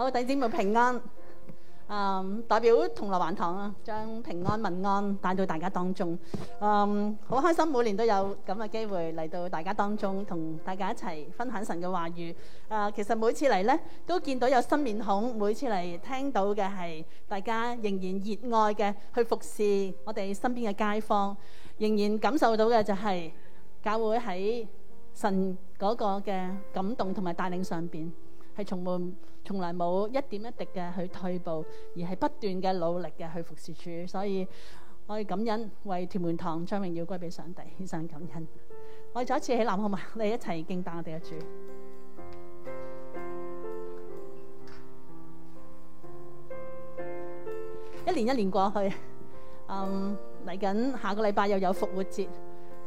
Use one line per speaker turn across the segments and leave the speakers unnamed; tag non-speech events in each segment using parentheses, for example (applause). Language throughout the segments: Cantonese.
好，弟兄姊妹平安。嗯，代表銅鑼灣堂啊，將平安、問安帶到大家當中。嗯，好開心每年都有咁嘅機會嚟到大家當中，同大家一齊分享神嘅話語。啊，其實每次嚟咧，都見到有新面孔，每次嚟聽到嘅係大家仍然熱愛嘅去服侍我哋身邊嘅街坊，仍然感受到嘅就係教會喺神嗰個嘅感動同埋帶領上邊。係從無，從來冇一點一滴嘅去退步，而係不斷嘅努力嘅去服侍主，所以我哋感恩為屯門堂將榮耀歸俾上帝，獻上感恩。我哋再一次起立好嗎？我哋一齊敬拜我哋嘅主。一年一年過去，嗯，嚟緊下個禮拜又有復活節。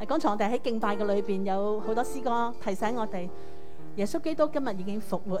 剛才我哋喺敬拜嘅裏邊有好多詩歌提醒我哋，耶穌基督今日已經復活。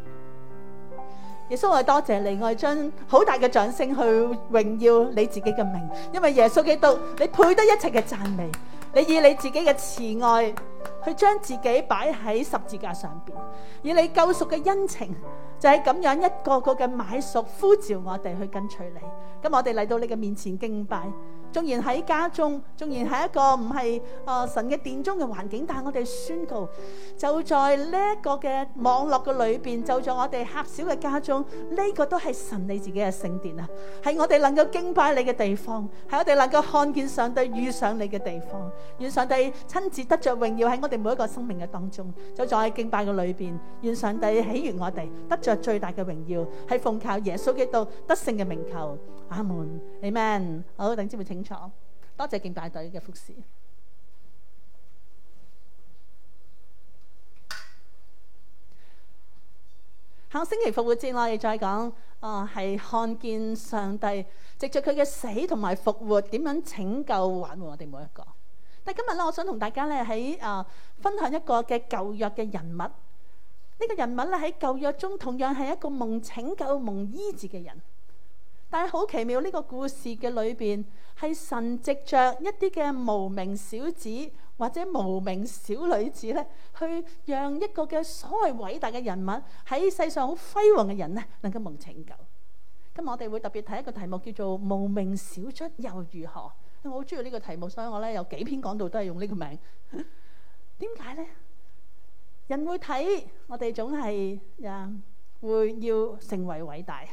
耶穌話：我多謝你，我將好大嘅掌聲去榮耀你自己嘅名。因為耶穌基督，你配得一切嘅讚美。你以你自己嘅慈愛去將自己擺喺十字架上邊，以你救贖嘅恩情，就係、是、咁樣一個個嘅買贖，呼召我哋去跟隨你。咁我哋嚟到你嘅面前敬拜。縱然喺家中，縱然係一個唔係啊神嘅殿中嘅環境，但係我哋宣告，就在呢一個嘅網絡嘅裏邊，就在我哋狹小嘅家中，呢個都係神你自己嘅聖殿啊！係我哋能夠敬拜你嘅地方，係我哋能夠看見上帝遇上你嘅地方。願上帝親自得着榮耀喺我哋每一個生命嘅當中，就在敬拜嘅裏邊，願上帝喜悅我哋，得着最大嘅榮耀，係奉靠耶穌基督得勝嘅名求。阿門，Amen, Amen。好，等知會清楚，多謝敬拜隊嘅服侍。下星期復活節，我哋再講，啊、哦，係看見上帝藉着佢嘅死同埋復活，點樣拯救挽回我哋每一個。但係今日咧，我想同大家咧喺啊，分享一個嘅舊約嘅人物。呢、這個人物咧喺舊約中，同樣係一個蒙拯救、蒙醫治嘅人。但係好奇妙，呢個故事嘅裏邊，係神藉著一啲嘅無名小子或者無名小女子咧，去讓一個嘅所謂偉大嘅人物喺世上好輝煌嘅人咧，能夠蒙拯救。咁我哋會特別睇一個題目叫做《無名小卒又如何》。我好中意呢個題目，所以我咧有幾篇講道都係用呢個名。點解咧？人會睇我哋，總係啊會要成為偉大。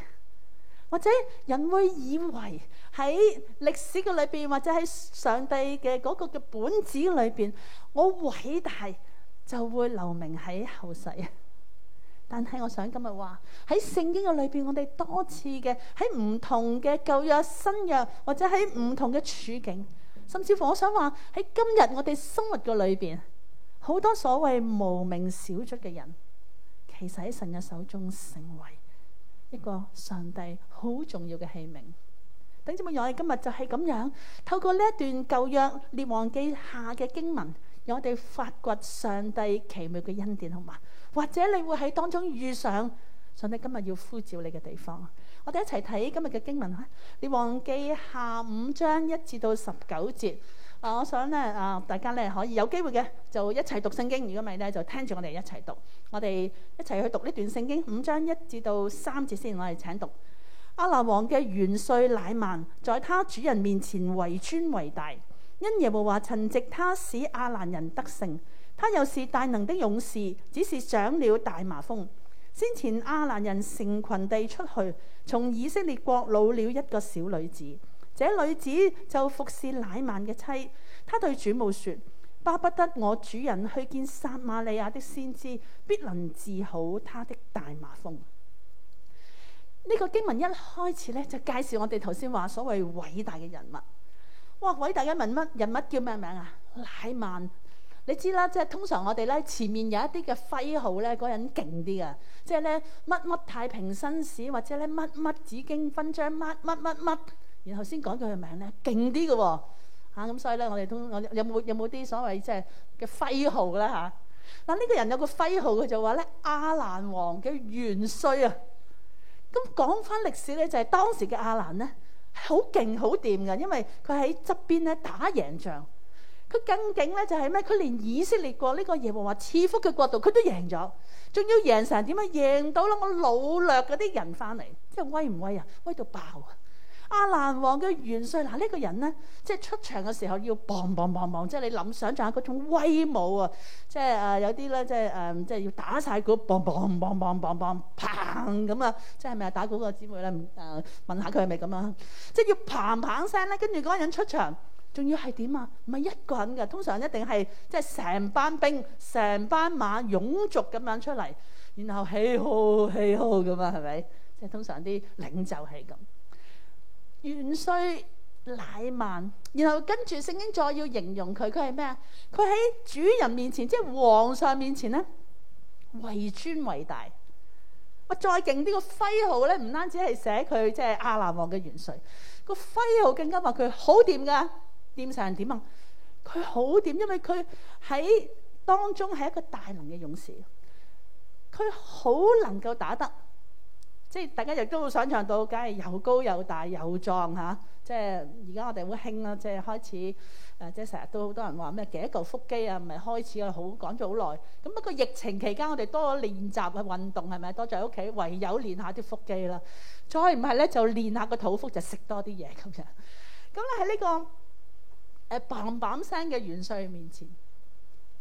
或者人會以為喺歷史嘅裏邊，或者喺上帝嘅嗰個嘅本子裏邊，我偉大就會留名喺後世。但係我想今日話喺聖經嘅裏邊，我哋多次嘅喺唔同嘅舊約新約，或者喺唔同嘅處境，甚至乎我想話喺今日我哋生活嘅裏邊，好多所謂無名小卒嘅人，其實喺神嘅手中成為。一個上帝好重要嘅器皿，等住我哋今日就係咁樣，透過呢一段舊約列王記下嘅經文，讓我哋發掘上帝奇妙嘅恩典，好嘛？或者你會喺當中遇上上帝今日要呼召你嘅地方，我哋一齊睇今日嘅經文啦。列王記下五章一至到十九節。呃、我想咧，啊、呃、大家咧可以有機會嘅就一齊讀聖經，如果唔係咧就聽住我哋一齊讀。我哋一齊去讀呢段聖經五章一至到三節先，我哋請讀。亞蘭王嘅元帥乃縵在他主人面前為尊為大，因耶和華曾藉他使亞蘭人得勝。他又是大能的勇士，只是長了大麻風。先前亞蘭人成群地出去，從以色列國擄了一個小女子。這女子就服侍乃曼嘅妻，她對主母說：巴不得我主人去見撒瑪利亞的先知，必能治好他的大麻風。呢個經文一開始咧就介紹我哋頭先話所謂偉大嘅人物。哇！偉大嘅人物人物叫咩名啊？乃曼，你知啦，即係通常我哋咧前面有一啲嘅徽號咧，嗰人勁啲啊，即係咧乜乜太平紳士或者咧乜乜紫荊勳章乜乜乜乜。然後先講佢嘅名咧，勁啲嘅喎，咁所以咧，我哋通有冇有冇啲所謂即係嘅徽號咧嚇？嗱、啊、呢、呢個人有個徽號，佢就話咧亞蘭王嘅元帥啊！咁講翻歷史咧，就係、是、當時嘅亞蘭咧，好勁好掂嘅，因為佢喺側邊咧打贏仗。佢更勁咧就係、是、咩？佢連以色列國呢、呢個耶和華賜福嘅國度，佢都贏咗，仲要贏成點啊？贏到啦！我老略嗰啲人翻嚟，即係威唔威啊？威到爆啊！阿蘭王嘅元帥，嗱、這、呢個人咧，即係出場嘅時候要 bang bang bang bang 即係你諗想象下嗰種威武啊！即係誒有啲咧，即係誒、呃、即係要打晒鼓，bang bang bang bang bang bang 砰咁啊！即係咪啊？打鼓個姊妹咧，誒、呃、問下佢係咪咁啊？即係要砰砰聲咧，跟住嗰個人出場，仲要係點啊？唔係一個人嘅，通常一定係即係成班兵、成班馬湧族咁樣出嚟，然後起號起號咁啊？係咪？即係通常啲領袖係咁。元帥乃曼，然後跟住聖經再要形容佢，佢係咩啊？佢喺主人面前，即係皇上面前咧，為尊為大。我再勁啲，這個徽號咧，唔單止係寫佢即係亞蘭王嘅元帥，個徽號更加話佢好掂噶。掂成點啊？佢好掂，因為佢喺當中係一個大能嘅勇士，佢好能夠打得。即係大家亦都會想像到，梗係又高又大又壯嚇。即係而家我哋好興啦，即係開始誒、呃，即係成日都好多人話咩，幾嚿腹肌啊，唔係開始啊，好講咗好耐。咁不過疫情期間，我哋多咗練習去運動係咪？多咗喺屋企，唯有練下啲腹肌啦。再唔係咧，就練下個肚腹，就食多啲嘢咁樣。咁咧喺呢個誒、呃、棒棒聲嘅元帥面前，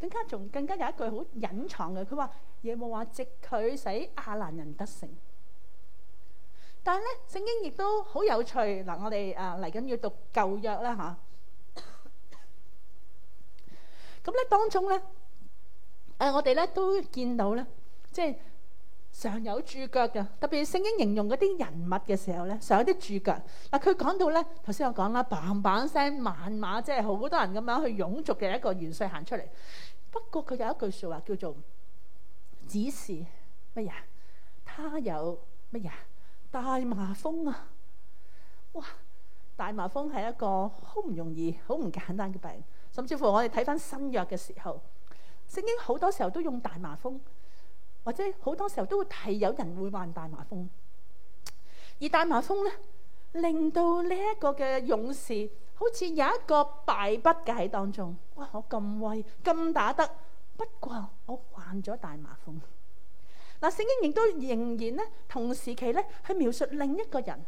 更加仲更加有一句好隱藏嘅，佢話：耶和華藉佢使亞蘭人得勝。但係咧，聖經亦都好有趣嗱。我哋誒嚟緊要讀舊約啦，嚇，咁咧當中咧誒，我哋咧都見到咧，即係常有注腳嘅。特別聖經形容嗰啲人物嘅時候咧，常有啲注腳嗱。佢講到咧，頭先我講啦，棒棒聲，萬馬即係好多人咁樣去擁簇嘅一個元帥行出嚟。不過佢有一句説話叫做：只是乜嘢？他有乜嘢？大麻風啊！哇！大麻風係一個好唔容易、好唔簡單嘅病。甚至乎我哋睇返新約嘅時候，聖經好多時候都用大麻風，或者好多時候都會睇有人會患大麻風。而大麻風呢，令到呢一個嘅勇士好似有一個敗筆嘅喺當中。哇！我咁威、咁打得，不過我患咗大麻風。嗱，聖經亦都仍然咧，同時期咧去描述另一個人。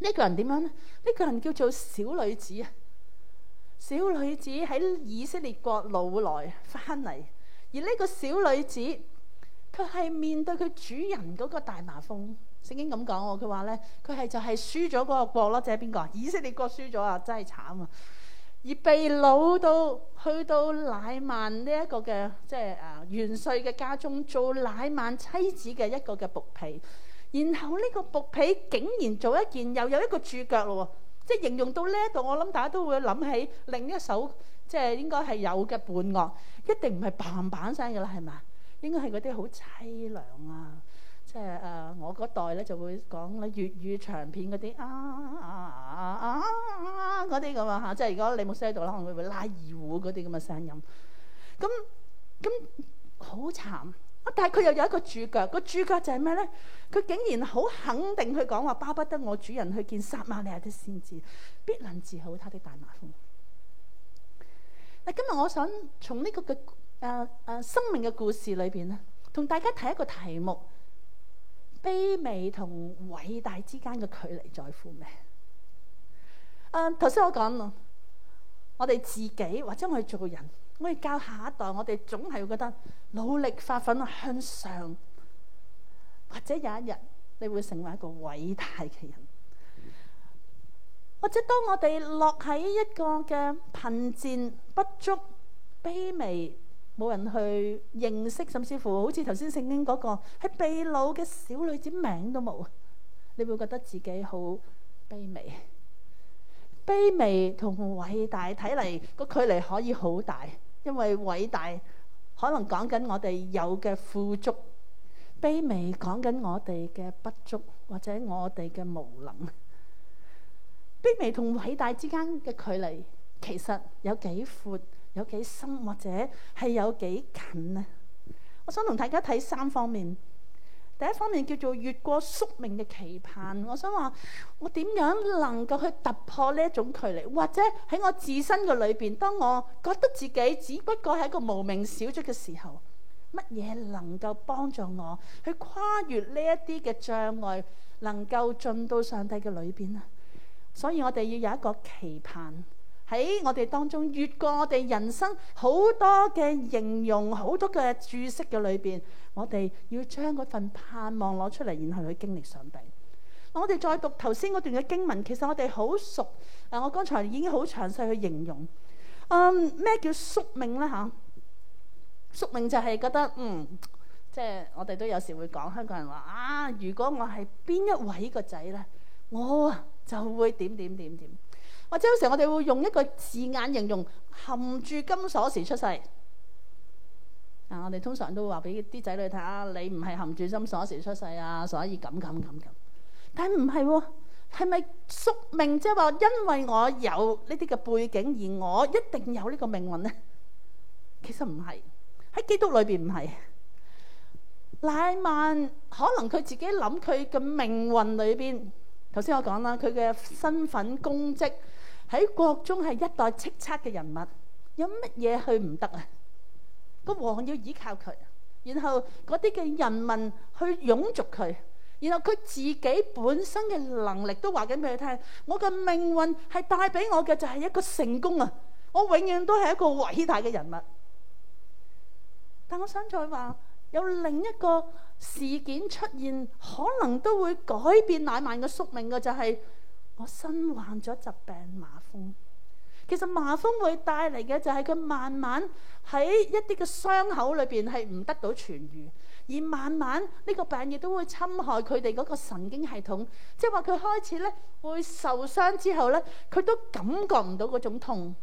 呢個人點樣呢？呢個人叫做小女子啊。小女子喺以色列國老來翻嚟，而呢個小女子佢係面對佢主人嗰個大麻風。聖經咁講喎，佢話咧，佢係就係輸咗嗰個國咯。即係邊個啊？以色列國輸咗啊，真係慘啊！而被擄到去到乃曼呢一個嘅，即係啊元帥嘅家中做乃曼妻子嘅一個嘅僕婢。然後呢個僕婢竟然做一件又有一個主腳咯喎，即係形容到呢一度，我諗大家都會諗起另一首，即係應該係有嘅伴樂，一定唔係嘭嘭聲嘅啦，係咪啊？應該係嗰啲好凄涼啊！即係誒，我嗰代咧就會講咧粵語長片嗰啲啊啊啊啊嗰啲咁啊嚇。即係如果你冇識喺度咧，可能會拉二胡嗰啲咁嘅聲音。咁咁好慘啊！但係佢又有一個主角，個主角就係咩咧？佢竟然好肯定去講話，巴不得我主人去見撒瑪利亞的先知，必能治好他的大麻風。嗱，今日我想從呢、這個嘅誒誒生命嘅故事裏邊咧，同大家提一個題目。卑微同偉大之間嘅距離在乎咩？誒頭先我講啦，我哋自己或者我哋做人，我哋教下一代，我哋總係會覺得努力發奮向上，或者有一日你會成為一個偉大嘅人，或者當我哋落喺一個嘅貧賤不足、卑微。冇人去認識，甚至乎好似頭先聖經嗰，那個被擄嘅小女子名，名都冇。你會覺得自己好卑微，卑微同偉大睇嚟，個距離可以好大，因為偉大可能講緊我哋有嘅富足，卑微講緊我哋嘅不足或者我哋嘅無能。卑微同偉大之間嘅距離，其實有幾闊？有幾深或者係有幾近呢？我想同大家睇三方面。第一方面叫做越過宿命嘅期盼。我想話我點樣能夠去突破呢一種距離，或者喺我自身嘅裏邊，當我覺得自己只不過係一個無名小卒嘅時候，乜嘢能夠幫助我去跨越呢一啲嘅障礙，能夠進到上帝嘅裏邊呢？所以我哋要有一個期盼。喺我哋當中，越過我哋人生好多嘅形容、好多嘅註釋嘅裏邊，我哋要將嗰份盼望攞出嚟，然後去經歷上帝。我哋再讀頭先嗰段嘅經文，其實我哋好熟。嗱、呃，我剛才已經好詳細去形容，嗯，咩叫宿命呢？吓、啊，宿命就係覺得，嗯，即係我哋都有時會講香港人話啊，如果我係邊一位個仔呢，我就會點點點點。或者有時我哋會用一個字眼形容，含住金鎖匙出世。啊，我哋通常都會話俾啲仔女睇下，你唔係含住金鎖匙出世啊，所以咁咁咁咁。但係唔係喎，係咪宿命？即係話因為我有呢啲嘅背景，而我一定有呢個命運呢？其實唔係，喺基督裏邊唔係。乃縵可能佢自己諗佢嘅命運裏邊，頭先我講啦，佢嘅身份功績。喺國中係一代叱咤嘅人物，有乜嘢去唔得啊？個王要依靠佢，然後嗰啲嘅人民去擁簇佢，然後佢自己本身嘅能力都話緊俾佢聽，我嘅命運係帶俾我嘅就係一個成功啊！我永遠都係一個偉大嘅人物。但我想再話，有另一個事件出現，可能都會改變乃縵嘅宿命嘅，就係。我身患咗疾病麻風，其實麻風會帶嚟嘅就係佢慢慢喺一啲嘅傷口裏邊係唔得到痊愈，而慢慢呢個病亦都會侵害佢哋嗰個神經系統。即係話佢開始咧會受傷之後咧，佢都感覺唔到嗰種痛。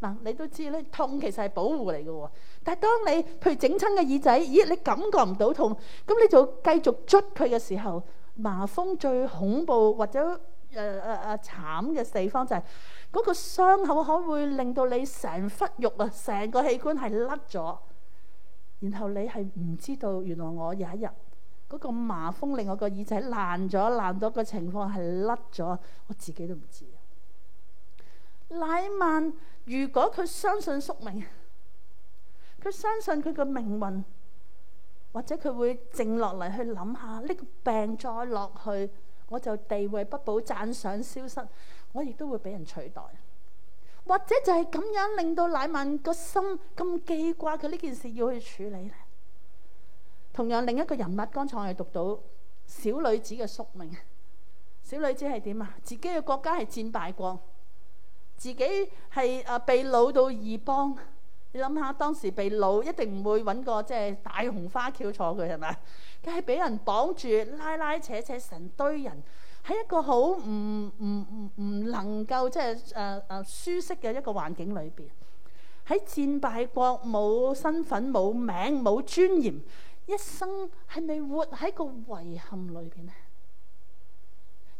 嗱，你都知咧，痛其實係保護嚟嘅，但係當你譬如整親嘅耳仔，咦，你感覺唔到痛，咁你就繼續捽佢嘅時候，麻風最恐怖或者。誒誒誒，慘嘅地方就係、是、嗰個傷口可能會令到你成忽肉啊，成個器官係甩咗，然後你係唔知道原來我有一日嗰、那個麻風令我個耳仔爛咗，爛到個情況係甩咗，我自己都唔知啊！乃縵，如果佢相信宿命，佢相信佢個命運，或者佢會靜落嚟去諗下呢個病再落去。我就地位不保，讚賞消失，我亦都會俾人取代，或者就係咁樣令到乃縵個心咁記掛佢呢件事要去處理咧。同樣另一個人物，剛才我哋讀到小女子嘅宿命，小女子係點啊？自己嘅國家係戰敗國，自己係啊被擄到異邦。你諗下，當時被擄，一定唔會揾個即係大紅花轎坐佢，係咪？佢係俾人綁住，拉拉扯扯成堆人，喺一個好唔唔唔唔能夠即係誒誒舒適嘅一個環境裏邊，喺戰敗國冇身份、冇名、冇尊嚴，一生係咪活喺個遺憾裏邊咧？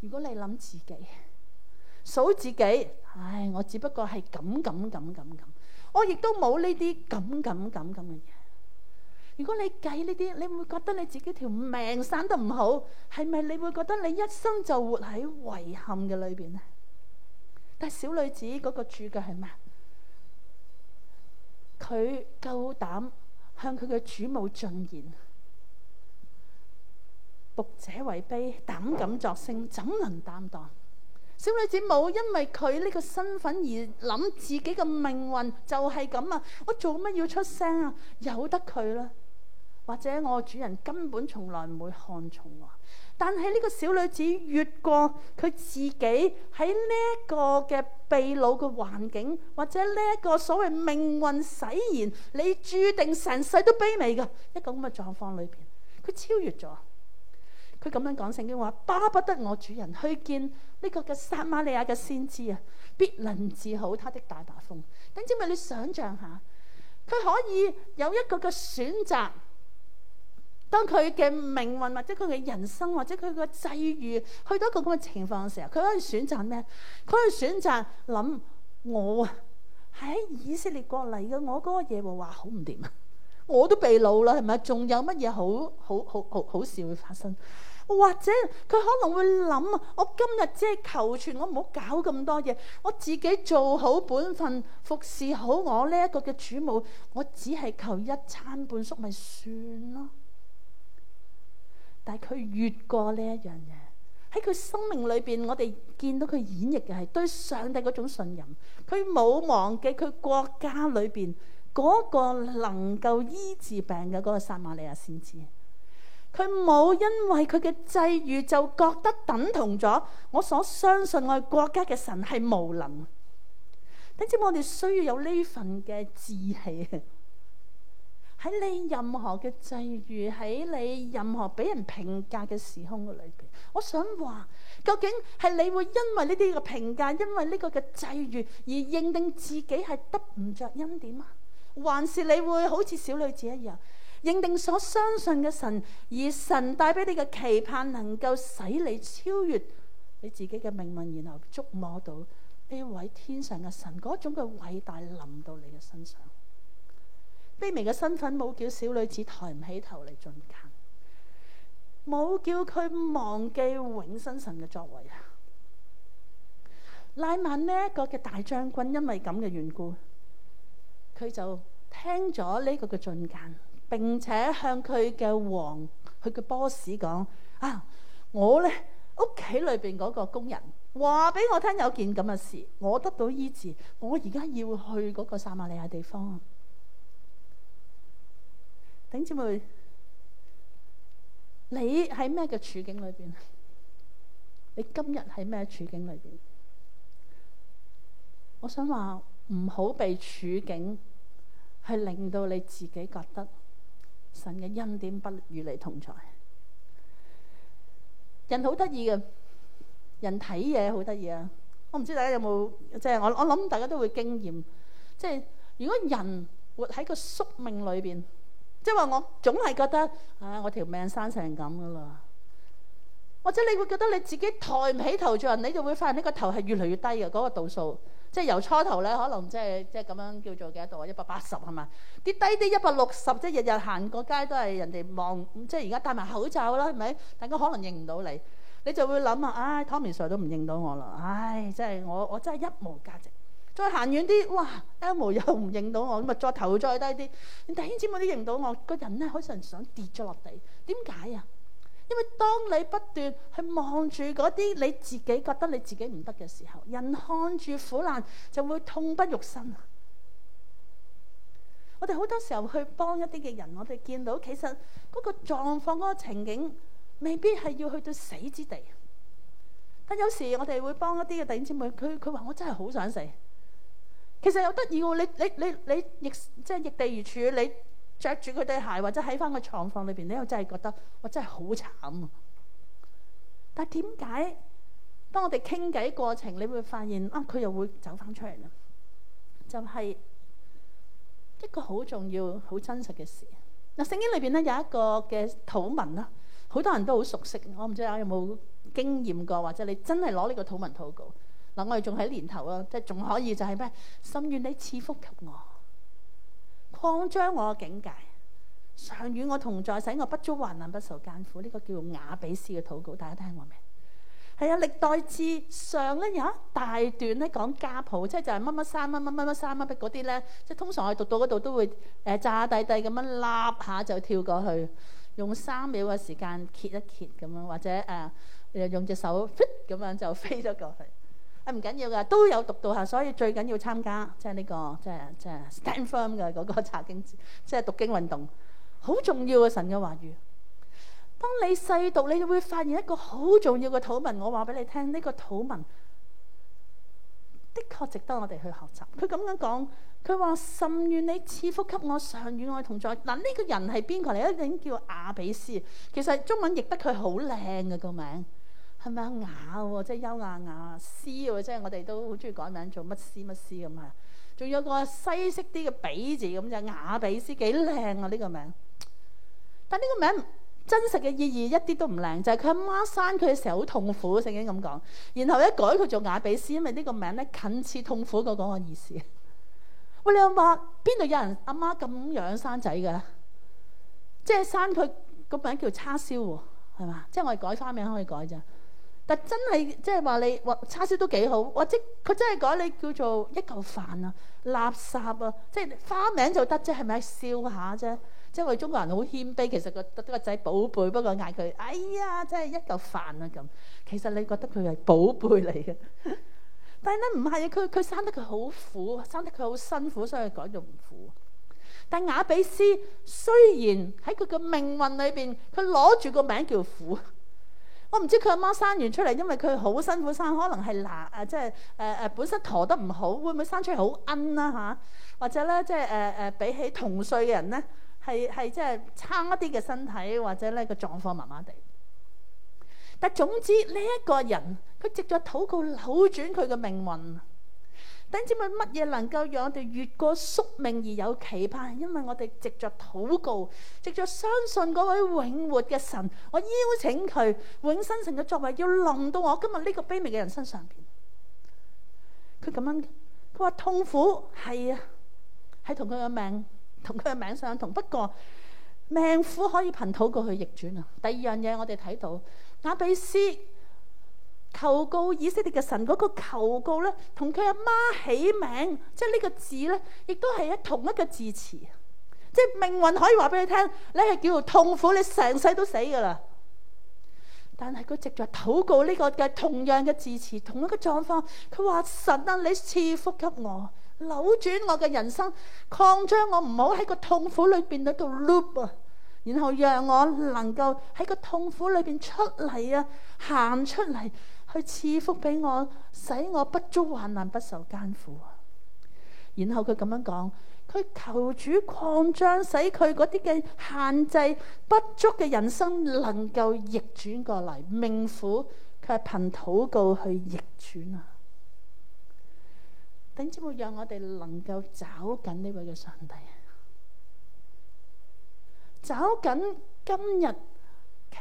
如果你諗自己數自己，唉，我只不過係咁咁咁咁咁。我亦都冇呢啲咁咁咁咁嘅嘢。如果你計呢啲，你會，會覺得你自己條命散得唔好，係咪？你會覺得你一生就活喺遺憾嘅裏邊咧？但小女子嗰個主角係咩？佢夠膽向佢嘅主母進言，僕者為卑，膽敢作聲，怎能擔當？小女子冇因為佢呢個身份而諗自己嘅命運，就係咁啊！我做乜要出聲啊？由得佢啦，或者我主人根本從來唔會看重我啊。但係呢個小女子越過佢自己喺呢一個嘅被擄嘅環境，或者呢一個所謂命運使然，你注定成世都卑微嘅一個咁嘅狀況裏邊，佢超越咗。佢咁樣講聖經話，巴不得我主人去見呢個嘅撒瑪利亞嘅先知啊，必能治好他的大麻風。等住咪你想象下，佢可以有一個嘅選擇。當佢嘅命運或者佢嘅人生或者佢嘅際遇去到一個咁嘅情況嘅時候，佢可以選擇咩？佢可以選擇諗我啊，喺以色列國嚟嘅我嗰個耶和華好唔掂啊！我都被擄啦，係咪？仲有乜嘢好好好好好，好，好事會發生？或者佢可能會諗啊，我今日只係求全，我唔好搞咁多嘢，我自己做好本份，服侍好我呢一個嘅主母，我只係求一餐半宿咪算咯。但係佢越過呢一樣嘢，喺佢生命裏邊，我哋見到佢演繹嘅係對上帝嗰種信任，佢冇忘記佢國家裏邊嗰個能夠醫治病嘅嗰個撒瑪利亞先知。佢冇因為佢嘅際遇就覺得等同咗我所相信我哋國家嘅神係無能，點知我哋需要有呢份嘅志氣。喺你任何嘅際遇，喺你任何俾人評價嘅時空嘅裏邊，我想話，究竟係你會因為呢啲嘅評價，因為呢個嘅際遇而認定自己係得唔着恩典啊，還是你會好似小女子一樣？認定所相信嘅神，而神帶俾你嘅期盼，能夠使你超越你自己嘅命運，然後觸摸到呢位天上嘅神嗰種嘅偉大，臨到你嘅身上。卑微嘅身份冇叫小女子抬唔起頭嚟進諫，冇叫佢忘記永生神嘅作為啊！乃縵呢一個嘅大將軍，因為咁嘅緣故，佢就聽咗呢個嘅進諫。並且向佢嘅王，佢嘅 boss 講：啊，我呢屋企裏邊嗰個工人話俾我聽，有件咁嘅事，我得到醫治，我而家要去嗰個撒瑪利亞地方。頂姐妹，你喺咩嘅處境裏邊？你今日喺咩處境裏邊？我想話唔好被處境係令到你自己覺得。神嘅恩典不與你同在。人好得意嘅，人睇嘢好得意啊！我唔知大家有冇，即係我我諗大家都會經驗，即係如果人活喺個宿命裏邊，即係話我總係覺得啊，我條命生成咁噶啦，或者你會覺得你自己抬唔起頭做人，你就會發現呢個頭係越嚟越低嘅嗰個度數。即係由初頭咧，可能即係即係咁樣叫做幾多度啊？180, 一百八十係嘛，跌低啲一百六十，即係日日行個街都係人哋望。即係而家戴埋口罩啦，係咪？大家可能認唔到你，你就會諗啊，唉、哎，Tommy Sir 都唔認到我啦，唉、哎，真係我我真係一無價值。再行遠啲，哇，L 又唔認到我，咁啊再頭再低啲，但係點知冇啲認到我個人咧，好似人想跌咗落地，點解啊？因為當你不斷去望住嗰啲你自己覺得你自己唔得嘅時候，人看住苦難就會痛不欲生。我哋好多時候去幫一啲嘅人，我哋見到其實嗰個狀況、嗰、嗰個情景未必係要去到死之地，但有時我哋會幫一啲嘅弟兄姊妹，佢佢話我真係好想死，其實又得意喎！你你你你逆即係逆地而處，你。你你你就是着住佢對鞋，或者喺翻個床房裏邊，你又真係覺得，我真係好慘啊！但係點解？當我哋傾偈過程，你會發現啊，佢又會走翻出嚟呢？就係、是、一個好重要、好真實嘅事。嗱、啊，聖經裏邊呢有一個嘅禱文啦，好多人都好熟悉。我唔知阿有冇經驗過，或者你真係攞呢個禱文禱告嗱，我哋仲喺年頭咯、啊，即係仲可以就係咩？心願你賜福給我。擴張我嘅境界，常與我同在，使我不遭患難，不受艱苦。呢、這個叫做雅比斯嘅禱告，大家聽過未？係啊，歷代志上咧有一大段咧講家譜，即係就係乜乜三、乜乜乜乜三、乜乜嗰啲咧，即係通常我哋讀到嗰度都會誒、呃，炸底底地地咁樣立下就跳過去，用三秒嘅時間揭一揭咁樣，或者誒、呃、用隻手咁、呃、樣就飛咗過去。啊，唔緊要噶，都有讀到下，所以最緊要參加，即係呢個，即係即係 stand firm 嘅嗰個查經，即係讀經運動，好重要嘅神嘅話語。當你細讀，你就會發現一個好重要嘅土文，我話俾你聽，呢個土文的確值得我哋去學習。佢咁樣講，佢話甚願你賜福給我，常與我同在。嗱，呢個人係邊個嚟？你一定叫雅比斯。其實中文譯得佢好靚嘅個名。係咪啊？雅喎、哦，即係優、啊、雅雅詩喎，即係我哋都好中意改名做乜詩乜詩咁啊？仲有個西式啲嘅比字，咁就雅比斯幾靚啊！呢、這個名，但呢個名真實嘅意義一啲都唔靚，就係佢阿媽生佢嘅時候好痛苦，聖經咁講。然後咧改佢做雅比斯，因為呢個名咧近似痛苦嗰個意思。喂，你話邊度有人阿媽咁樣生仔嘅？即係生佢個名叫叉燒喎，係嘛？即係我哋改花名可以改咋？但真係即係話你，叉燒都幾好，或者佢真係講你叫做一嚿飯啊、垃圾啊，即係花名就得，即係咪笑下啫？即係我哋中國人好謙卑，其實個個仔寶貝，不過嗌佢，哎呀，真係一嚿飯啊咁。其實你覺得佢係寶貝嚟嘅，但係咧唔係啊，佢佢生得佢好苦，生得佢好辛苦，所以講就唔苦。但雅比斯雖然喺佢嘅命運裏邊，佢攞住個名叫苦。我唔知佢阿媽生完出嚟，因為佢好辛苦生，可能係難啊，即係誒誒本身陀得唔好，會唔會生出嚟好奀啦嚇？或者咧，即係誒誒比起同歲嘅人咧，係係即係差一啲嘅身體，或者咧個狀況麻麻地。但總之呢一、這個人，佢藉著禱告扭轉佢嘅命運。等知咪乜嘢能夠讓我哋越過宿命而有期盼？因為我哋藉着禱告，藉着相信嗰位永活嘅神。我邀請佢永生神嘅作為，要臨到我今日呢個卑微嘅人身上邊。佢咁樣，佢話痛苦係啊，係同佢嘅命，同佢嘅命相同。不過命苦可以憑禱告去逆轉啊！第二樣嘢我哋睇到雅比斯。求告以色列嘅神嗰、嗰個求告咧，同佢阿媽起名，即係呢個字咧，亦都係一同一個字詞。即係命運可以話俾你聽，你係叫做痛苦，你成世都死噶啦。但係佢直在禱告呢、呢個嘅同樣嘅字詞，同一個狀況，佢話神啊，你賜福給我，扭轉我嘅人生，擴張我，唔好喺個痛苦裏邊度碌啊，嗰個、loop, 然後讓我能夠喺個痛苦裏邊出嚟啊，行出嚟。去賜福俾我，使我不遭患難，不受艱苦啊！然後佢咁樣講，佢求主擴張，使佢嗰啲嘅限制不足嘅人生能夠逆轉過嚟，命苦佢係憑禱告去逆轉啊！點知會讓我哋能夠找緊呢位嘅上帝，找緊今日。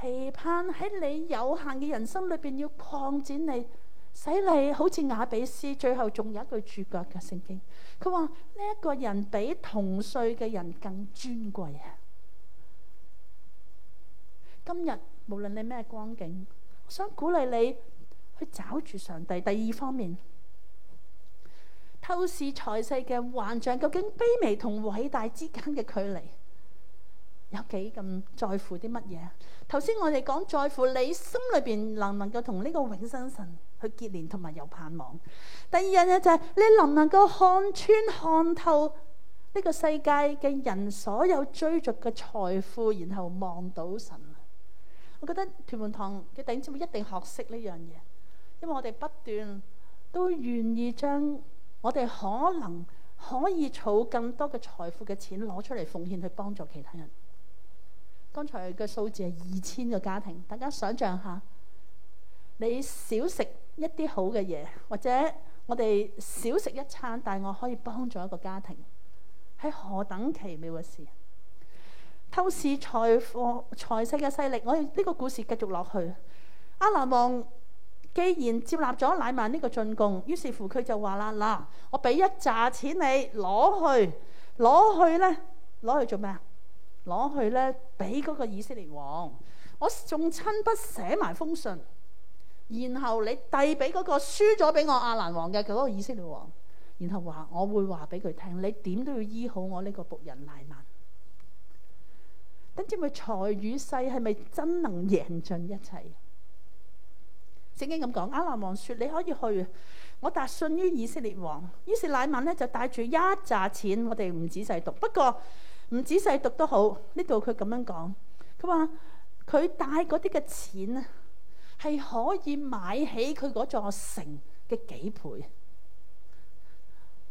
期盼喺你有限嘅人生裏邊，要擴展你，使你好似雅比斯，最後仲有一句注腳嘅聖經。佢話呢一個人比同歲嘅人更尊貴啊！今日無論你咩光景，我想鼓勵你去找住上帝。第二方面，透視財勢嘅幻象，究竟卑微同偉大之間嘅距離。有幾咁在乎啲乜嘢？頭先我哋講在乎你心裏邊能唔能夠同呢個永生神去結連，同埋有盼望。第二樣嘢就係你能唔能夠看穿、看透呢個世界嘅人所有追逐嘅財富，然後望到神。我覺得屯門堂嘅頂尖會一定學識呢樣嘢，因為我哋不斷都願意將我哋可能可以儲更多嘅財富嘅錢攞出嚟奉獻去幫助其他人。剛才嘅數字係二千個家庭，大家想象下，你少食一啲好嘅嘢，或者我哋少食一餐，但係我可以幫助一個家庭，係何等奇妙嘅事！透視財富財色嘅勢力，我哋呢個故事繼續落去。亞蘭王既然接納咗乃曼呢個進貢，於是乎佢就話啦：嗱，我俾一揸錢你攞去，攞去呢？攞去做咩啊？攞去呢，俾嗰個以色列王。我仲親筆寫埋封信，然後你遞俾嗰個輸咗俾我亞蘭王嘅嗰個以色列王，然後話：我會話俾佢聽，你點都要醫好我呢個僕人乃縵。等知佢財與勢係咪真能贏盡一切？聖經咁講，亞蘭王説：你可以去，我達信於以色列王。於是乃縵呢就帶住一揸錢，我哋唔仔細讀，不過。唔仔細讀都好，呢度佢咁樣講，佢話佢帶嗰啲嘅錢啊，係可以買起佢嗰座城嘅幾倍，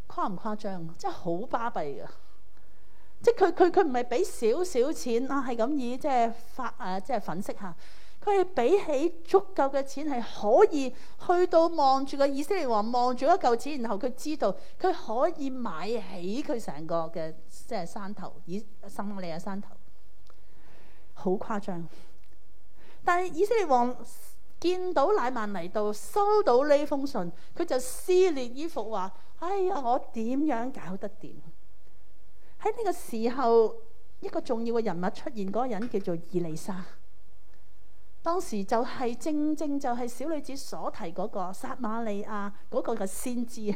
誇唔誇張？真係好巴閉嘅，即係佢佢佢唔係俾少少錢啊，係咁以即係發誒即係粉飾下。佢係俾起足夠嘅錢係可以去到望住個以色列王望住一嚿錢，然後佢知道佢可以買起佢成個嘅。即係山頭，以撒馬利亞山頭，好誇張。但係以色列王見到乃曼嚟到，收到呢封信，佢就撕裂衣服，話：哎呀，我點樣搞得掂？喺呢個時候，一個重要嘅人物出現，嗰、那個人叫做以利沙。當時就係、是、正正就係小女子所提嗰、那個撒馬利亞嗰個嘅先知。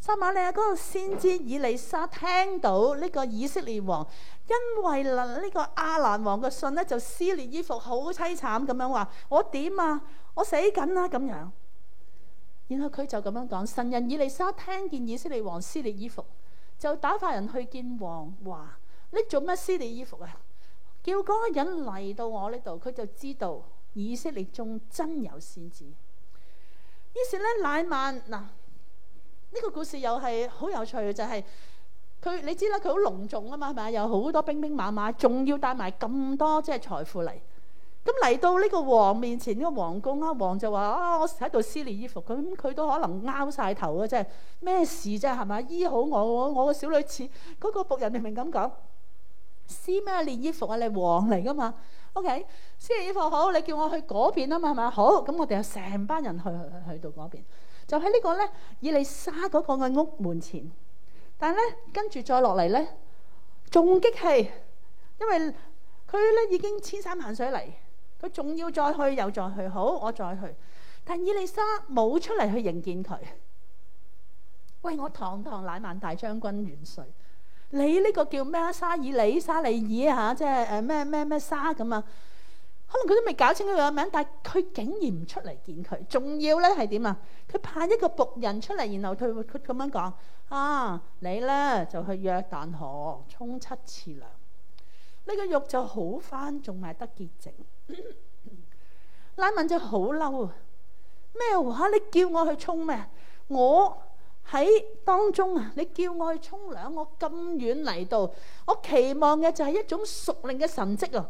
撒瑪利亞嗰個先知以利沙聽到呢個以色列王，因為嗱，呢個亞蘭王嘅信呢，就撕裂衣服，好淒慘咁樣話，我點啊，我死緊啦咁樣，然後佢就咁樣講。神人以利沙聽見以色列王撕裂衣服，就打發人去見王，話，你做咩撕裂衣服啊？叫嗰個人嚟，到我呢度，佢就知道以色列仲真有先知。於是呢，乃曼。嗱。呢個故事又係好有趣嘅，就係、是、佢你知啦，佢好隆重啊嘛，係咪有好多兵兵馬馬，仲要帶埋咁多即係財富嚟。咁、嗯、嚟到呢個王面前，呢、這個王宮啦、啊，王就話：啊、哦，我喺度撕裂衣服。咁佢、嗯、都可能拗晒頭啊！真係咩事啫？係咪啊？醫好我，我個小女似嗰、那個僕人明，明明咁講撕咩裂衣服啊？你王嚟㗎嘛？OK，撕裂衣服好，你叫我去嗰邊啊嘛？係咪？好，咁我哋有成班人去去去，去到嗰邊。就喺呢個咧，以利沙嗰個嘅屋門前，但係咧跟住再落嚟咧，仲激氣，因為佢咧已經千山萬水嚟，佢仲要再去又再去，好我再去，但以利沙冇出嚟去迎見佢。喂，我堂堂乃曼大將軍元帥，你呢個叫咩沙以李沙利爾嚇，即係誒咩咩咩沙咁啊！可能佢都未搞清佢個名，但係佢竟然唔出嚟見佢。仲要咧係點啊？佢派一個僕人出嚟，然後佢佢咁樣講：啊，你咧就去約旦河沖七次涼，呢個肉就好返，仲係得潔淨。乃縵就好嬲啊！咩話？你叫我去沖咩？我喺當中啊！你叫我去沖涼，我咁遠嚟到，我期望嘅就係一種屬靈嘅神跡啊！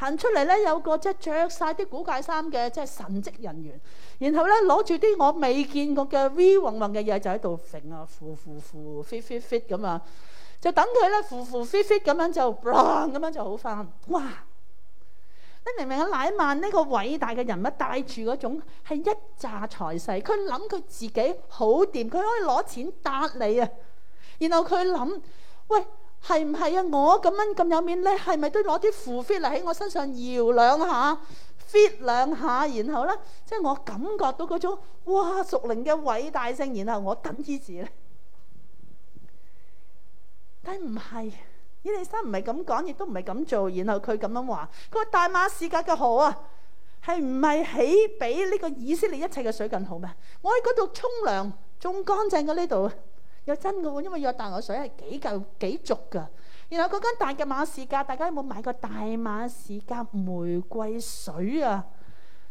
行出嚟咧，有個即係著曬啲古戒衫嘅即係神職人員，然後咧攞住啲我未見過嘅 v 暈暈嘅嘢，就喺度揈啊，扶啊扶、啊、扶，飛飛飛咁啊，就等佢咧扶扶飛飛咁樣就 bang 咁樣就好返。哇！你明唔明啊？乃縵呢個偉大嘅人物帶住嗰種係一炸財勢，佢諗佢自己好掂，佢可以攞錢揼你啊，然後佢諗喂。係唔係啊？我咁樣咁有面咧，係咪都攞啲符 fit 嚟喺我身上搖兩下，fit 兩下，然後咧，即係我感覺到嗰種哇，屬靈嘅偉大性」，然後我等於字咧。但係唔係，以利沙唔係咁講，亦都唔係咁做。然後佢咁樣話：佢話大馬士革嘅河啊，係唔係起比呢個以色列一切嘅水更好咩？我喺嗰度沖涼仲乾淨過呢度。真嘅，因為約旦河水係幾舊幾濁嘅。然後嗰間大嘅馬士革，大家有冇買過大馬士革玫瑰水啊？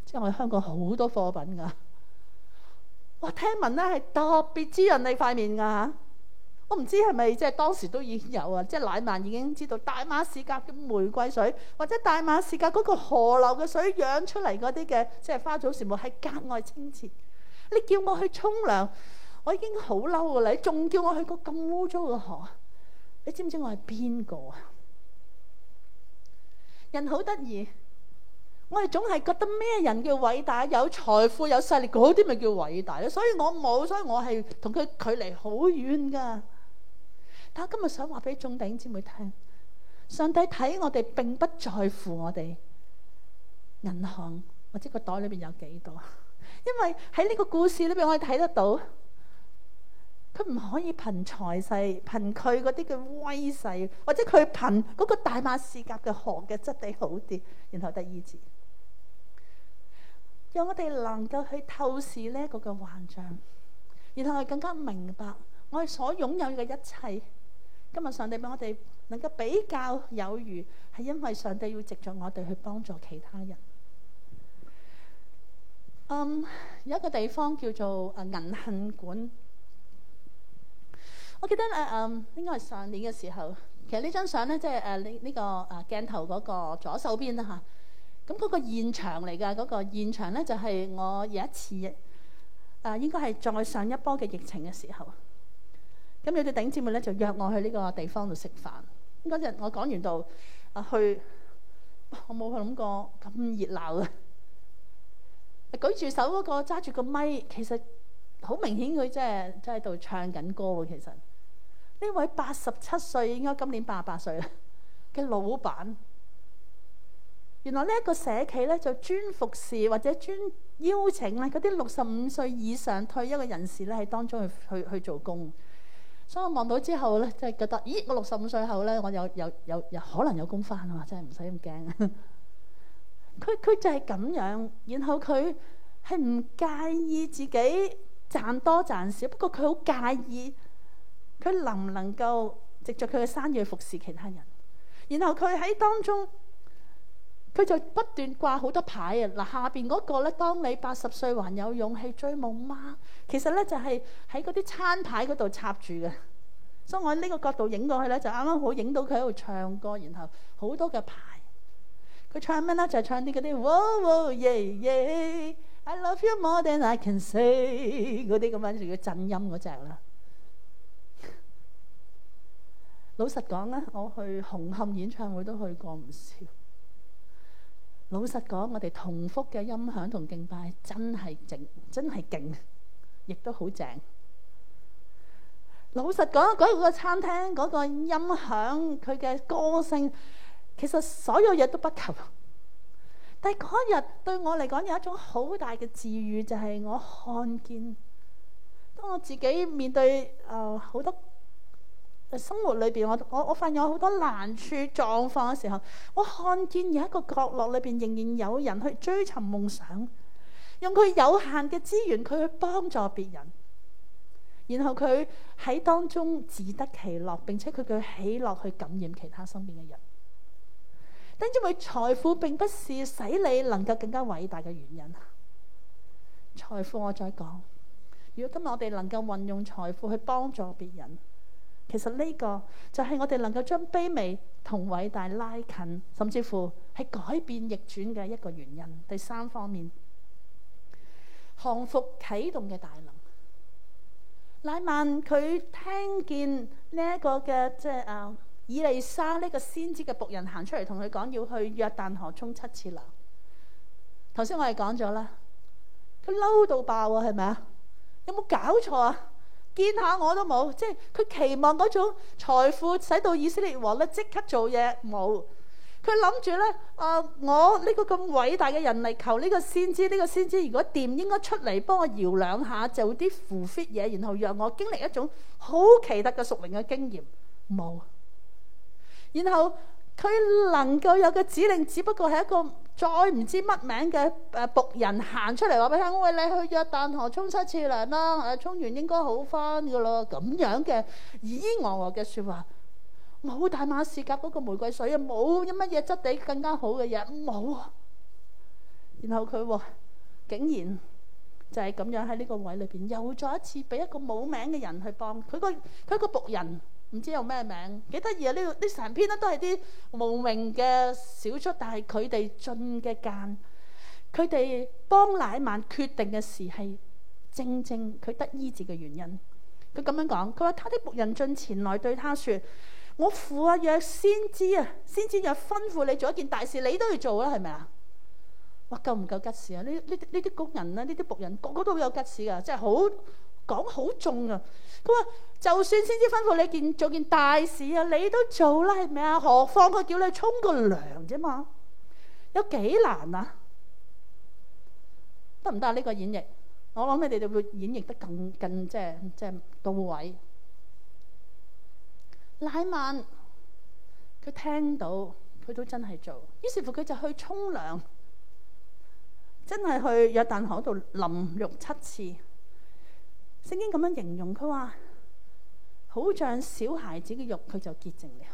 即係我哋香港好多貨品噶。我聽聞咧，係特別滋潤你塊面噶。我唔知係咪即係當時都已經有啊？即係乃縵已經知道大馬士革嘅玫瑰水，或者大馬士革嗰個河流嘅水養出嚟嗰啲嘅，即係花草樹木係格外清澈。你叫我去沖涼。我已經好嬲噶啦，仲叫我去過咁污糟嘅河？你知唔知我係邊個啊？人好得意，我哋總係覺得咩人叫偉大？有財富、有勢力嗰啲咪叫偉大咧？所以我冇，所以我係同佢距離好遠噶。但係今日想話俾眾弟兄姊妹聽，上帝睇我哋，並不在乎我哋銀行或者個袋裏邊有幾多，因為喺呢個故事裏邊，我哋睇得到。佢唔可以憑財勢，憑佢嗰啲嘅威勢，或者佢憑嗰個大馬士革嘅河嘅質地好啲，然後第二次，讓我哋能夠去透視呢個嘅幻象，然後係更加明白我哋所擁有嘅一切。今日上帝俾我哋能夠比較有餘，係因為上帝要藉著我哋去幫助其他人。嗯，有一個地方叫做啊銀杏館。我記得誒、啊、嗯，應該係上年嘅時候。其實張呢張相咧，即係誒呢呢個誒、啊、鏡頭嗰個左手邊啊嚇。咁、那、嗰個現場嚟㗎，嗰、那個現場咧就係、是、我有一次誒、啊，應該係再上一波嘅疫情嘅時候。咁、嗯、有哋頂尖節目咧就約我去呢個地方度食飯。咁、那、嗰、個、日我講完道啊去，我冇去諗過咁熱鬧啊！舉住手嗰、那個揸住個咪，其實好明顯佢即係即係喺度唱緊歌喎，其實。呢位八十七歲，應該今年八十八歲嘅老闆，原來呢一個社企呢，就專服侍或者專邀請咧嗰啲六十五歲以上退休嘅人士咧喺當中去去去做工。所以我望到之後呢，就係覺得，咦！我六十五歲後呢，我有有有有可能有工返啊嘛！真係唔使咁驚。佢 (laughs) 佢就係咁樣，然後佢係唔介意自己賺多賺少，不過佢好介意。佢能唔能夠藉著佢嘅生意去服侍其他人？然後佢喺當中，佢就不斷掛好多牌啊！嗱，下邊嗰個咧，當你八十歲還有勇氣追夢嗎？其實咧就係喺嗰啲餐牌嗰度插住嘅。所以我喺呢個角度影過去咧，就啱啱好影到佢喺度唱歌，然後好多嘅牌。佢唱咩咧？就是、唱啲嗰啲 wo wo yeah yeah I love you more than I can say 嗰啲咁樣，就叫震音嗰隻啦。老實講咧，我去紅磡演唱會都去過唔少。老實講，我哋同福嘅音響同敬拜真係勁，真係勁，亦都好正。老實講，嗰、那個餐廳嗰、那個音響，佢嘅歌聲，其實所有嘢都不及。但係嗰日對我嚟講有一種好大嘅治癒，就係、是、我看見，當我自己面對誒好、呃、多。生活裏邊，我我我發現有好多難處狀況嘅時候，我看見有一個角落裏邊仍然有人去追尋夢想，用佢有限嘅資源，佢去幫助別人，然後佢喺當中自得其樂，並且佢嘅喜樂去感染其他身邊嘅人。但因為財富並不是使你能夠更加偉大嘅原因。財富，我再講，如果今日我哋能夠運用財富去幫助別人。其實呢個就係我哋能夠將卑微同偉大拉近，甚至乎係改變逆轉嘅一個原因。第三方面，降服啟動嘅大能。乃縵佢聽見呢一個嘅即係啊，以利沙呢個先知嘅僕人行出嚟同佢講，要去約旦河沖七次啦。頭先我哋講咗啦，佢嬲到爆啊，係咪啊？有冇搞錯啊？見下我都冇，即係佢期望嗰種財富使到以色列王咧即刻做嘢冇。佢諗住咧啊，我呢個咁偉大嘅人嚟求呢個先知，呢個先知如果掂應該出嚟幫我搖兩下做啲扶 fit 嘢，然後讓我經歷一種好奇特嘅屬靈嘅經驗冇。然後佢能夠有嘅指令只不過係一個。再唔知乜名嘅誒僕人行出嚟話俾佢聽，喂，你去約但河沖七次涼啦，誒沖完應該好翻噶咯，咁樣嘅咦咦我我嘅説話，冇大馬士革嗰個玫瑰水啊，冇乜嘢質地更加好嘅嘢冇，然後佢喎竟然就係咁樣喺呢個位裏邊又再一次俾一個冇名嘅人去幫佢個佢個僕人。atin 唔知有咩名，幾得意啊！呢成篇咧都係啲無名嘅小卒，但係佢哋進嘅間，佢哋幫乃曼決定嘅事係正正佢得醫治嘅原因。佢咁樣講，佢話：他啲僕人進前來對他説：我父啊，若先知啊，先知若吩咐你做一件大事，你都要做啦，係咪啊？哇！夠唔夠吉事啊？呢呢呢啲工人啊，呢啲僕人個個都好有吉事啊！真係好。講好重啊！佢話就算先知吩咐你件做件大事啊，你都做啦，係咪啊？何況佢叫你沖個涼啫嘛？有幾難啊？得唔得啊？呢個演繹，我諗你哋就會演繹得更更即係即係到位。乃縵，佢聽到佢都真係做，於是乎佢就去沖涼，真係去約旦河度淋浴七次。聖經咁樣形容，佢話好像小孩子嘅肉，佢就潔淨了。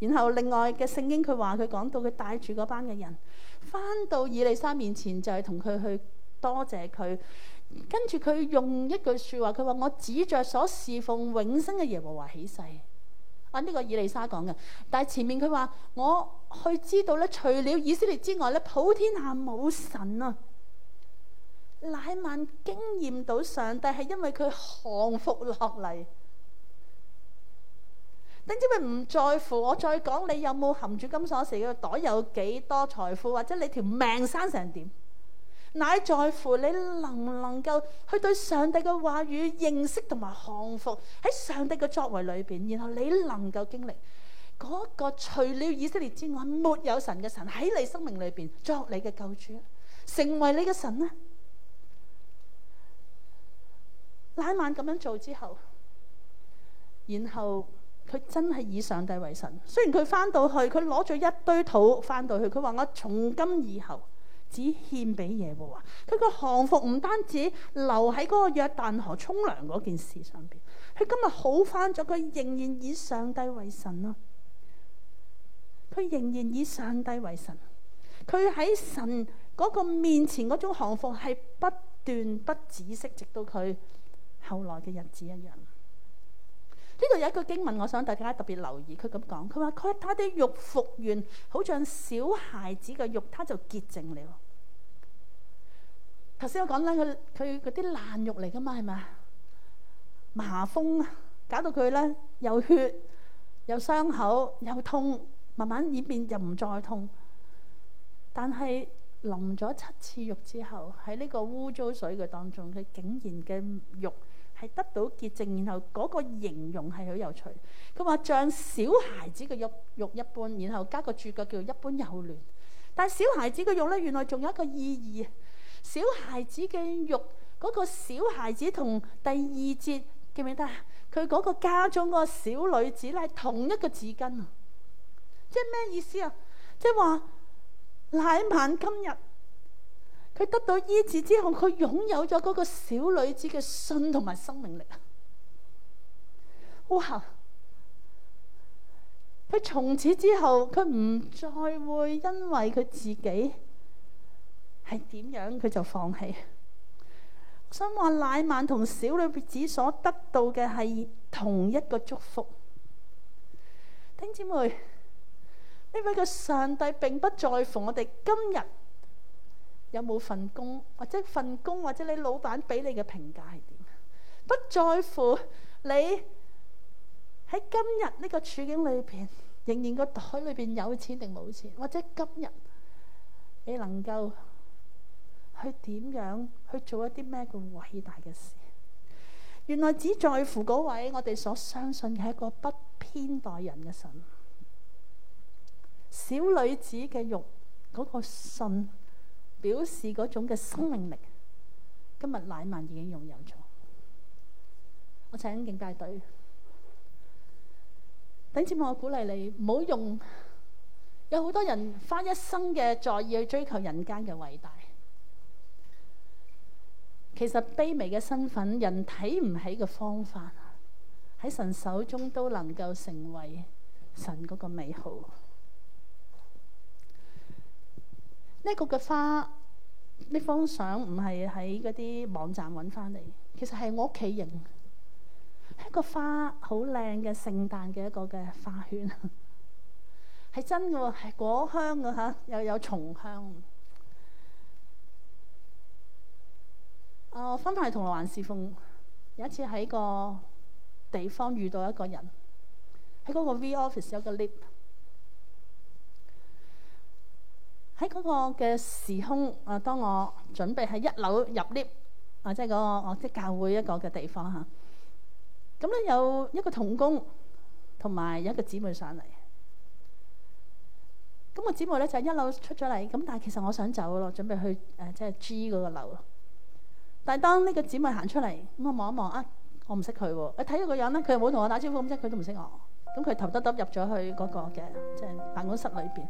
然後另外嘅聖經，佢話佢講到佢帶住嗰班嘅人，翻到以利沙面前就係同佢去多謝佢。跟住佢用一句說話，佢話我指着所侍奉永生嘅耶和華起誓，啊呢、這個以利沙講嘅。但係前面佢話我去知道咧，除了以色列之外咧，普天下冇神啊。乃曼經驗到上帝係因為佢降服落嚟，等之咪唔在乎。我再講，你有冇含住金鎖匙嘅袋有幾多財富，或者你條命生成點，乃在乎你能唔能夠去對上帝嘅話語認識同埋降服喺上帝嘅作為裏邊，然後你能夠經歷嗰個除了以色列之外沒有神嘅神喺你生命裏邊作你嘅救主，成為你嘅神咧。乃縵咁樣做之後，然後佢真係以上帝為神。雖然佢返到去，佢攞咗一堆土返到去，佢話：我從今以後只獻俾耶和華。佢個降服唔單止留喺嗰個約旦河沖涼嗰件事上面，佢今日好返咗，佢仍然以上帝為神咯、啊。佢仍然以上帝為神，佢喺神嗰個面前嗰種降服係不斷不止息，直到佢後來嘅日子一樣。呢、這、度、個、有一句經文，我想大家特別留意。佢咁講，佢話佢他啲肉復原，好像小孩子嘅肉，他就潔淨了。頭先我講咧，佢佢嗰啲爛肉嚟噶嘛，係咪麻夏風搞到佢咧，有血、有傷口、又痛，慢慢演變又唔再痛。但係淋咗七次肉之後，喺呢個污糟水嘅當中，佢竟然嘅肉。係得到潔淨，然後嗰個形容係好有趣。佢話像小孩子嘅肉肉一般，然後加個注腳叫一般幼嫩。但小孩子嘅肉呢，原來仲有一個意義。小孩子嘅肉嗰、那個小孩子同第二節記唔記得？佢嗰個家中個小女子咧，同一個字根啊！即係咩意思啊？即係話乃縵今日。佢得到醫治之後，佢擁有咗嗰個小女子嘅信同埋生命力哇！佢從此之後，佢唔再會因為佢自己係點樣，佢就放棄。我想話，乃曼同小女子所得到嘅係同一個祝福。弟兄姊妹，呢位嘅上帝並不在乎我哋今日。有冇份工，或者份工，或者你老闆俾你嘅評價係點？不在乎你喺今日呢個處境裏邊，仍然個袋裏邊有錢定冇錢，或者今日你能夠去點樣去做一啲咩咁偉大嘅事？原來只在乎嗰位我哋所相信嘅一個不偏待人嘅神。小女子嘅肉，嗰、嗰個信。表示嗰種嘅生命力，今日乃縵已經擁有咗。我請警戒隊，等節目我鼓勵你，唔好用。有好多人花一生嘅在意去追求人間嘅偉大，其實卑微嘅身份、人睇唔起嘅方法，喺神手中都能夠成為神嗰個美好。呢個嘅花呢封相唔係喺嗰啲網站揾翻嚟，其實係我屋企影。一個花好靚嘅聖誕嘅一個嘅花圈，係 (laughs) 真嘅喎，係果香㗎吓，又有，有松香。啊，我分別銅鑼環侍奉。有一次喺個地方遇到一個人，喺嗰個 V office 有一個 lift 喺嗰個嘅時空，啊，當我準備喺一樓入 lift，啊，即係嗰、那個即教會一個嘅地方嚇。咁、啊、咧有一個同工，同埋有一個姊妹上嚟。咁、那個姊妹咧就係、是、一樓出咗嚟，咁但係其實我想走咯，準備去誒、啊、即係 G 嗰個樓。但係當呢個姊妹行出嚟，咁我望一望啊，我唔識佢喎、啊。你睇佢個樣咧，佢又冇同我打招呼，咁即係佢都唔識我。咁、啊、佢頭耷耷入咗去嗰、那個嘅即係辦公室裏邊。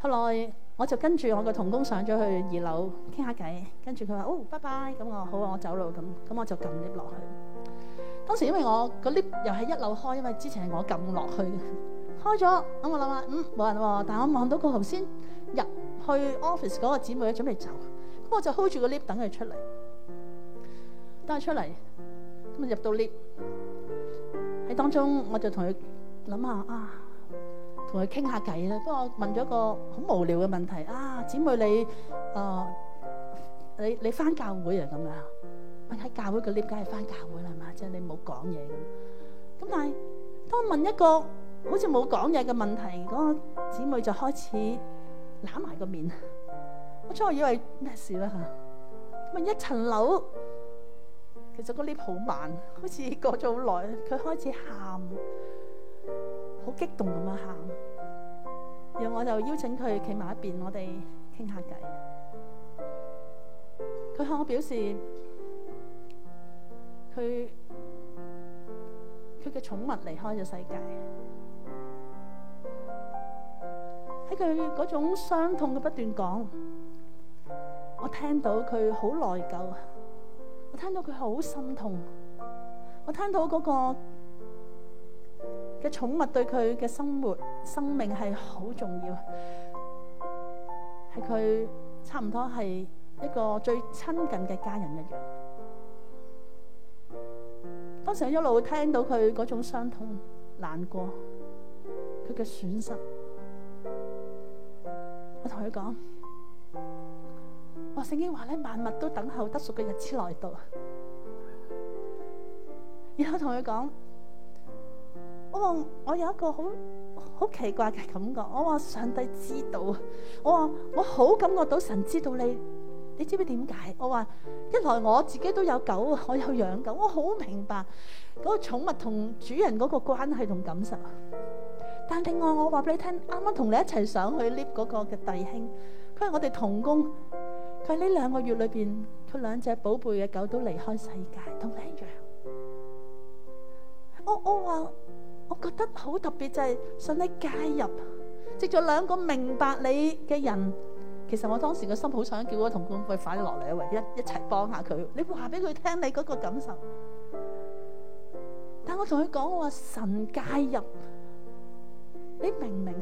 後來。我就跟住我個同工上咗去二樓傾下偈，跟住佢話：哦，拜拜。」咁、嗯、我好啊，我走路咁，咁我就撳 lift 落去。當時因為我個 lift 又喺一樓開，因為之前我撳落去嘅，開咗，咁我咪諗下，嗯，冇人喎，但我望到個頭先入去 office 嗰個姊妹準備走，咁我就 hold 住個 lift 等佢出嚟。等佢出嚟，咁入到 lift，喺當中我就同佢諗下啊。同佢傾下偈啦，不過問咗個好無聊嘅問題啊，姊妹你啊，你你返教會啊咁樣。喺教會個 lift 梗係返教會啦，係嘛？即係你冇講嘢咁。咁但係當問一個好似冇講嘢嘅問題，嗰個姊妹就開始攬埋個面。我初以為咩事啦嚇？問一層樓，其實個 lift 好慢，好似過咗好耐，佢開始喊。好激動咁樣喊，然後我就邀請佢企埋一邊，我哋傾下偈。佢向我表示，佢佢嘅寵物離開咗世界。喺佢嗰種傷痛嘅不斷講，我聽到佢好內疚，我聽到佢好心痛，我聽到嗰個嘅寵物對佢嘅生活、生命係好重要，係佢差唔多係一個最親近嘅家人一樣。當時我一路聽到佢嗰種傷痛、難過，佢嘅損失，我同佢講，我聖經話咧，萬物都等候得贖嘅日子來到。然後同佢講。我話我有一個好好奇怪嘅感覺，我話上帝知道啊！我話我好感覺到神知道你，你知唔知點解？我話一來我自己都有狗，我有養狗，我好明白嗰個寵物同主人嗰個關係同感受。但另外我話俾你聽，啱啱同你一齊上去 lift 嗰個嘅弟兄，佢係我哋同工，佢喺呢兩個月裏邊佢兩隻寶貝嘅狗都離開世界，同你一樣。我我話。我覺得好特別就係神的介入，識咗兩個明白你嘅人。其實我當時個心好想叫個同工佢快啲落嚟，喂，一一齊幫下佢。你話俾佢聽你嗰個感受，但我同佢講，我話神介入，你明唔明？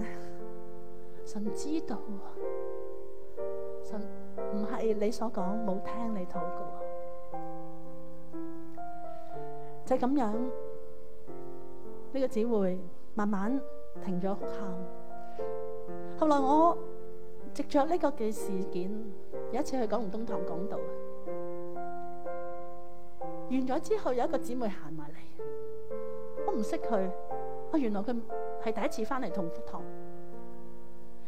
神知道，神唔係你所講冇聽你禱告，就係咁樣。呢個姊妹慢慢停咗哭喊，後來我藉着呢個嘅事件，有一次去九龍東堂講道，完咗之後，有一個姊妹行埋嚟，我唔識佢，啊原來佢係第一次翻嚟同福堂，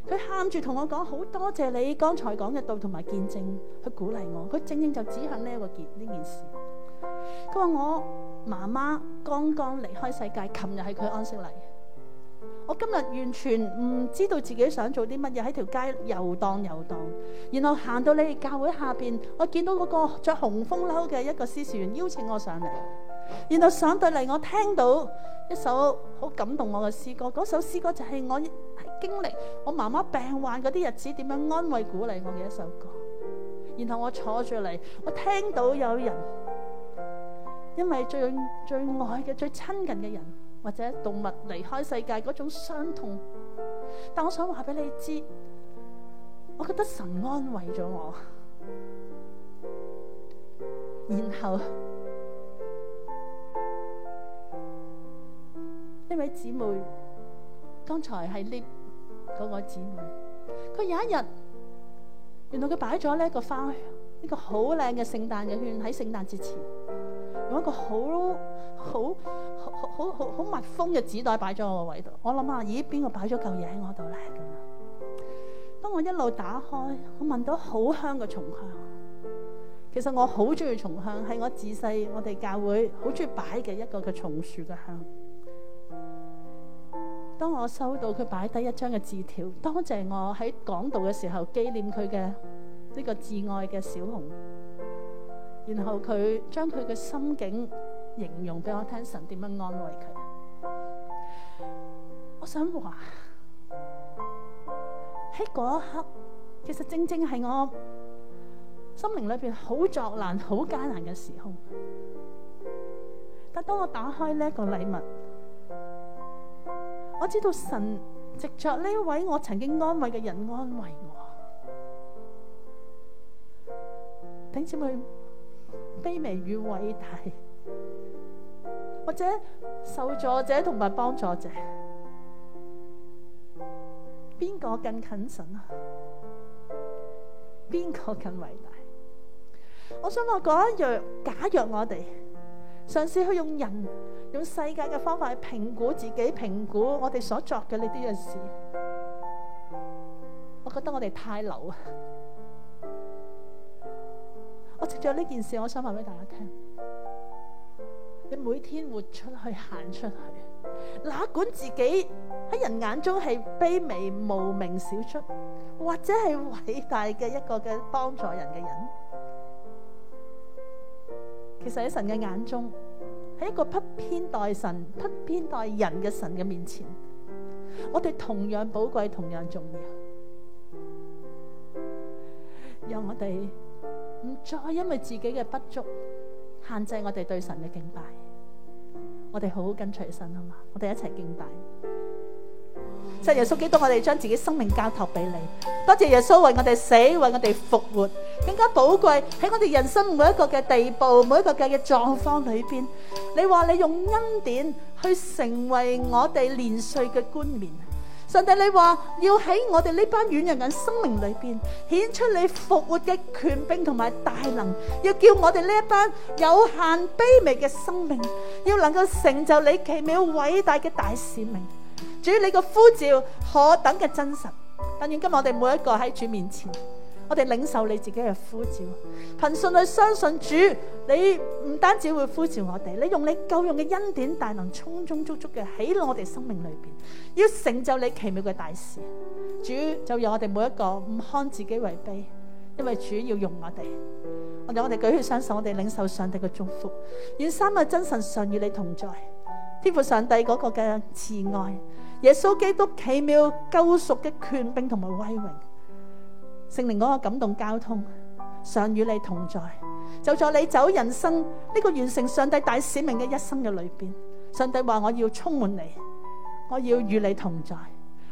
佢喊住同我講，好多謝你剛才講嘅道同埋見證去鼓勵我，佢正正就指向呢、這、一個件呢件事，佢話我。媽媽剛剛離開世界，琴日係佢安息禮。我今日完全唔知道自己想做啲乜嘢，喺條街游蕩游蕩，然後行到你哋教會下邊，我見到嗰個著紅風褸嘅一個司事員邀請我上嚟，然後上到嚟我聽到一首好感動我嘅詩歌，嗰首詩歌就係我經歷我媽媽病患嗰啲日子點樣安慰鼓勵我嘅一首歌。然後我坐住嚟，我聽到有人。因為最最愛嘅、最親近嘅人或者動物離開世界嗰種傷痛，但我想話俾你知，我覺得神安慰咗我。然後呢位姊妹，剛才係呢嗰個姊妹，佢有一日，原來佢擺咗呢一個花，呢個好靚嘅聖誕嘅圈喺聖誕節前，用一個好好好好好密封嘅紙袋擺咗我個位度，我諗下咦，邊個擺咗嚿嘢喺我度咧？當我一路打開，我聞到好香嘅松香。其實我好中意松香，係我自細我哋教會好中意擺嘅一個嘅松樹嘅香。當我收到佢擺低一張嘅字條，多謝我喺講道嘅時候紀念佢嘅呢個摯愛嘅小紅。然後佢將佢嘅心境形容俾我聽，神點樣安慰佢？我想話喺嗰一刻，其實正正係我心靈裏面好作難、好艱難嘅時候。但當我打開呢一個禮物，我知道神藉着呢位我曾經安慰嘅人安慰我，等住佢。卑微與偉大，或者受助者同埋幫助者，邊個更近神啊？邊個更偉大？我想問：若假若我哋嘗試去用人、用世界嘅方法去評估自己、評估我哋所作嘅呢啲嘅事，我覺得我哋太流啊！我藉咗呢件事，我想話俾大家聽：你每天活出去、行出去，哪管自己喺人眼中係卑微無名小卒，或者係偉大嘅一個嘅幫助人嘅人，其實喺神嘅眼中，喺一個不偏待神、不偏待人嘅神嘅面前，我哋同樣寶貴、同樣重要。讓我哋。唔再因為自己嘅不足限制我哋對神嘅敬拜，我哋好好跟隨神啊嘛，我哋一齊敬拜。神耶穌基督，我哋將自己生命交託俾你。多謝耶穌為我哋死，為我哋復活，更加寶貴喺我哋人生每一個嘅地步，每一個嘅嘅狀況裏邊。你話你用恩典去成為我哋年歲嘅冠冕。上帝你，你話要喺我哋呢班軟弱嘅生命裏邊顯出你復活嘅權柄同埋大能，要叫我哋呢一班有限卑微嘅生命，要能夠成就你奇妙偉大嘅大使命。主，你嘅呼召何等嘅真實，但願今日我哋每一個喺主面前。我哋領受你自己嘅呼召，憑信去相信主。你唔單止會呼召我哋，你用你夠用嘅恩典，大能充充足足嘅喺我哋生命裏邊要成就你奇妙嘅大事。主就讓我哋每一個唔看自己為卑，因為主要用我哋。我哋我哋舉起雙手，我哋領受上帝嘅祝福。願三日真神常與你同在，天父上帝嗰個嘅慈愛，耶穌基督奇妙救贖嘅權柄同埋威榮。聖靈嗰個感動交通，想與你同在，就在你走人生呢個完成上帝大使命嘅一生嘅裏邊，上帝話我要充滿你，我要與你同在，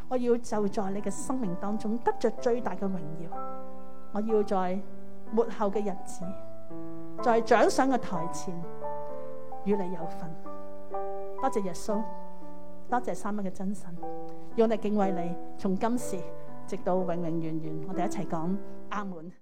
我要就在你嘅生命當中得着最大嘅榮耀，我要在末後嘅日子，在掌上嘅臺前與你有份。多謝耶穌，多謝三位嘅真神，用力敬畏你，從今時。直到永永遠遠，我哋一齊講阿門。